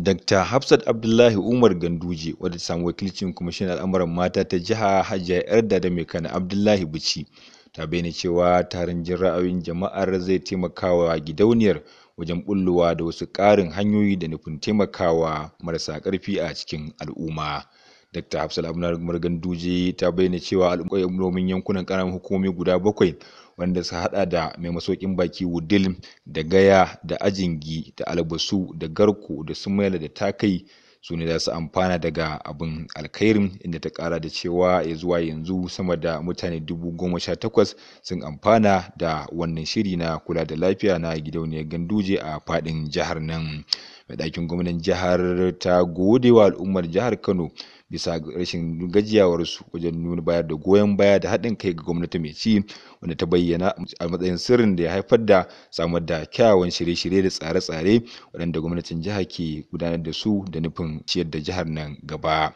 Dr. Hafsat Abdullahi Umar Ganduje wadda ta samu wakilcin kwamishin al'amuran mata ta jiha Hajiya Yarda da Mekana Abdullahi Bici ta bayyana cewa taron jin ra'ayoyin jama'ar zai taimakawa gidauniyar wajen bullowa da wasu ƙarin hanyoyi da nufin taimakawa marasa ƙarfi a cikin al'umma. Dr. Hafsat Abdullahi Umar Ganduje ta bayyana cewa al'ummomin yankunan ƙananan hukumomi guda bakwai wanda su hada da mai masaukin baki wudil da gaya da ajingi da albasu da garko da sumaila da takai su ne za su amfana daga abin alkhairin inda ta kara da cewa ya zuwa yanzu sama da mutane dubu goma sha takwas sun amfana da wannan shiri na kula da lafiya na gidauniyar ganduje a fadin jihar nan mai ɗakin gwamnan jihar ta gode wa al'ummar jihar kano bisa rashin gajiyawarsu wajen nuna bayar da goyon baya da haɗin kai ga gwamnati mai ci wanda ta bayyana a matsayin sirrin da ya haifar da samar da kyawawan shirye-shirye da tsare-tsare waɗanda gwamnatin jiha ke gudanar da su da nufin ciyar da jihar nan gaba.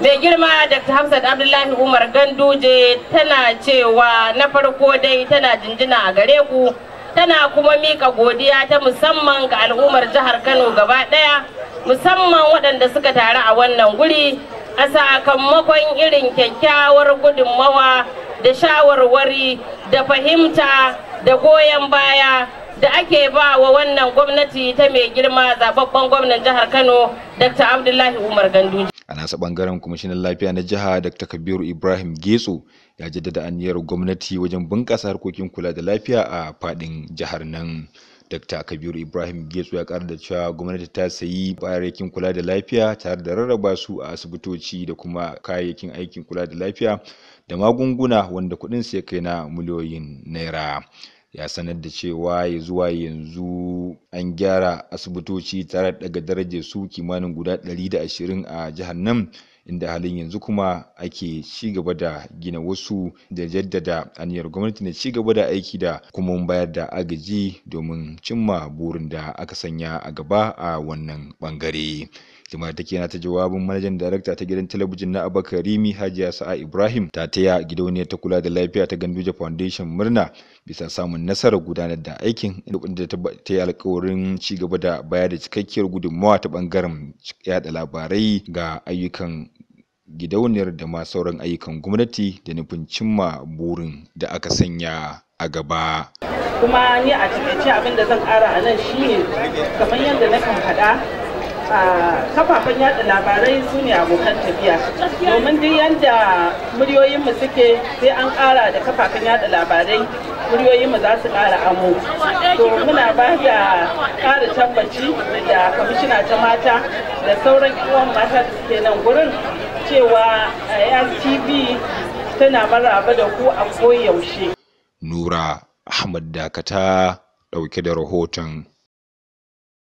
mai girma dr hamsad abdullahi umar ganduje tana cewa na farko dai tana jinjina a gare ku tana kuma mika godiya ta musamman ga al'ummar jihar kano gaba daya musamman waɗanda suka taru a wannan guri a sakamakon irin kyakkyawar gudunmawa da shawarwari da fahimta da goyon baya da ake ba wa wannan gwamnati ta mai girma zababben gwamnan jihar kano dr abdullahi umar ganduje a nasa bangaren kwamishinan lafiya na jiha dr kabiru ibrahim getso ya jaddada aniyar gwamnati wajen bunƙasa harkokin kula da lafiya a faɗin jihar nan Dr. Kabiru Ibrahim Getsu ya ƙara da cewa gwamnati ta sayi bayarakin kula da lafiya tare da rarraba su a asibitoci da kuma kayayyakin aikin kula da lafiya da magunguna wanda kuɗin ya kai na miliyoyin naira. ya sanar da cewa ya zuwa yanzu an gyara asibitoci tare da daga darajar su kimanin guda 120 a jihar nan inda halin yanzu kuma ake ci gaba da gina wasu da jaddada aniyar gwamnati na ci gaba da aiki da kuma bayar da agaji domin cimma burin da aka sanya a gaba a wannan bangare. jama'a take na ta jawabin manajan darakta ta gidan talabijin na abakar rimi hajiya sa'a ibrahim ta taya gidauniyar ta kula da lafiya ta ganduja foundation murna bisa samun nasarar gudanar da aikin inda ta yi alkawarin ci gaba da bayar da cikakkiyar gudunmawa ta bangaren yada labarai ga ayyukan gidauniyar da ma sauran ayyukan gwamnati da nufin cimma burin da aka sanya a gaba. kuma ni a cikin abin da zan kara a nan shi ne kamar yadda na kan faɗa kafafen yada labarai su ne abokan tafiya domin duk yadda muryoyinmu suke sai an kara da kafafen yada labarai muryoyinmu za su kara amo to muna ba da kara tabbaci da kamishina ta mata da sauran uwan mata da suke nan gurin cewa stv eh, tana maraba da ku a koyaushe nura ahmad dakata ɗauke da rahoton